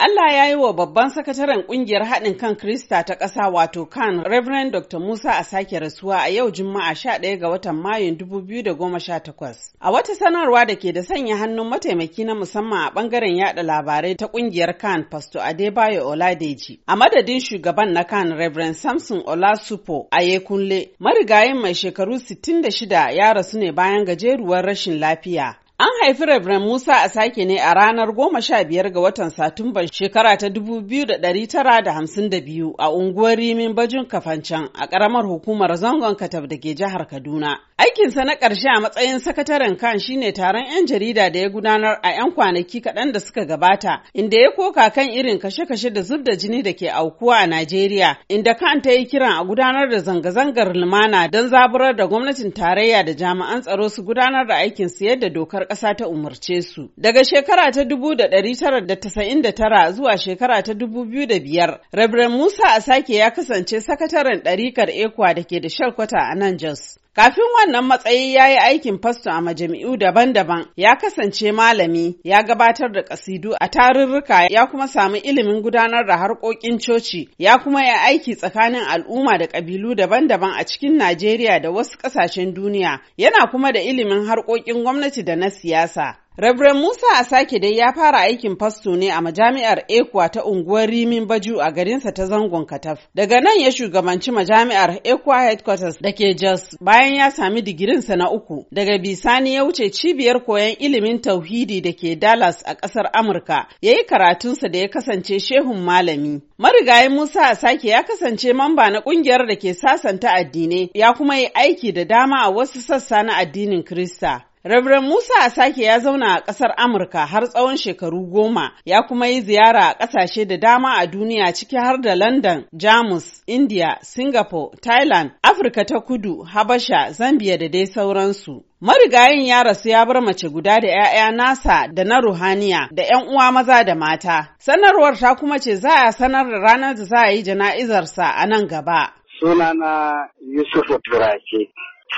Allah ya yi wa babban sakataren kungiyar haɗin kan Krista ta ƙasa wato kan Reverend Dr. Musa a sake rasuwa a yau Juma'a 11 ga watan Mayun 2018. A wata sanarwa da ke da sanya hannun mataimaki na musamman a ɓangaren yada labarai ta kungiyar kan Pastor Adebayo Oladeji. A madadin shugaban na kan Reverend Samson Olasupo a yekunle marigayin mai shekaru 66 ya rasu ne bayan gajeruwar rashin lafiya. An haifi Reverend Musa a sake ne a ranar goma sha biyar ga watan Satumban shekara ta dubu biyu da ɗari tara da hamsin da biyu a unguwar Rimin Bajin Kafancan a ƙaramar hukumar zangon Katab da ke jihar Kaduna. Aikinsa na ƙarshe a matsayin sakataren kan shine taron 'yan jarida da ya gudanar a 'yan kwanaki kaɗan da suka gabata, inda ya koka kan irin kashe-kashe da zub da jini da ke aukuwa a Najeriya, inda kan ta yi kiran a gudanar da zanga-zangar lumana don zaburar da gwamnatin tarayya da jami'an tsaro su gudanar da aikin su yadda dokar ƙasa ta umarce su. Daga shekara ta da tara zuwa shekara ta dubu biyu da biyar, Reverend Musa Asake ya kasance sakataren ɗarikar Ekwa da ke da shalkwata a nan Jos. Kafin wannan matsayi ya yi aikin fasto a majami'u daban-daban, ya kasance malami, ya gabatar da kasidu a tarurruka, ya kuma samu ilimin gudanar da harkokin coci, ya kuma yi aiki tsakanin al'umma da ƙabilu daban-daban a cikin Najeriya da wasu ƙasashen duniya, yana kuma da ilimin harkokin gwamnati da na siyasa. Reverend Musa Asake dai ya fara aikin fasto ne a majami'ar Ekwa ta unguwar Rimin Baju a garinsa ta zangon Kataf. Daga nan ya shugabanci majami'ar Ekwa Headquarters da ke Jos bayan ya sami digirinsa na uku. Daga bisani ya wuce cibiyar koyon ilimin tauhidi da ke Dallas a ƙasar Amurka. Ya yi karatunsa da ya kasance shehun malami. marigayin Musa a sake ya kasance mamba na ƙungiyar da ke sasanta addinai ya kuma yi aiki da dama a wasu sassa na addinin Kirista. Rabren Musa a sake ya zauna a ƙasar Amurka har tsawon shekaru goma, ya kuma yi ziyara a ƙasashe da dama a duniya ciki har da London, Jamus, India, Singapore, Thailand, Afirka ta Kudu, Habasha, Zambia da dai sauransu. Marigayin ya rasu ya bar mace guda da 'ya'ya nasa da na ruhaniya da 'yan uwa maza da mata. Sanarwar ta kuma ce za a sanar da ranar da za a yi jana'izarsa a nan gaba. Sunana Yusuf Turaki.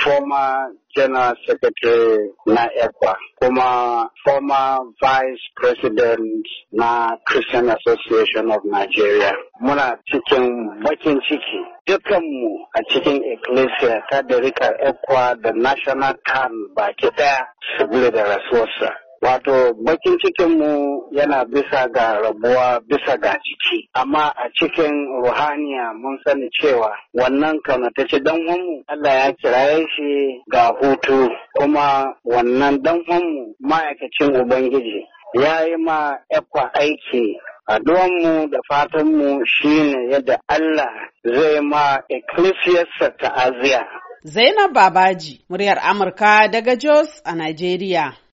former General Secretary na Ekwa. kuma former Vice President na Christian Association of Nigeria. Muna cikin bakin ciki dukanmu a cikin Ecclesia ta da rikar da National Can baki daya su da rasuwarsa. Wato bakin cikinmu yana bisa ga rabuwa bisa ga jiki, amma a cikin ruhaniya mun sani cewa wannan kaunatacce dan uwanmu Allah ya kiraye shi ga hutu kuma wannan dan ma'aikacin Ubangiji ya yi ma ekwa aiki mu da fatanmu shine yadda Allah zai ma ecclesiarsa ta'aziya. Zainab Babaji, muryar Amurka daga Jos a Najeriya.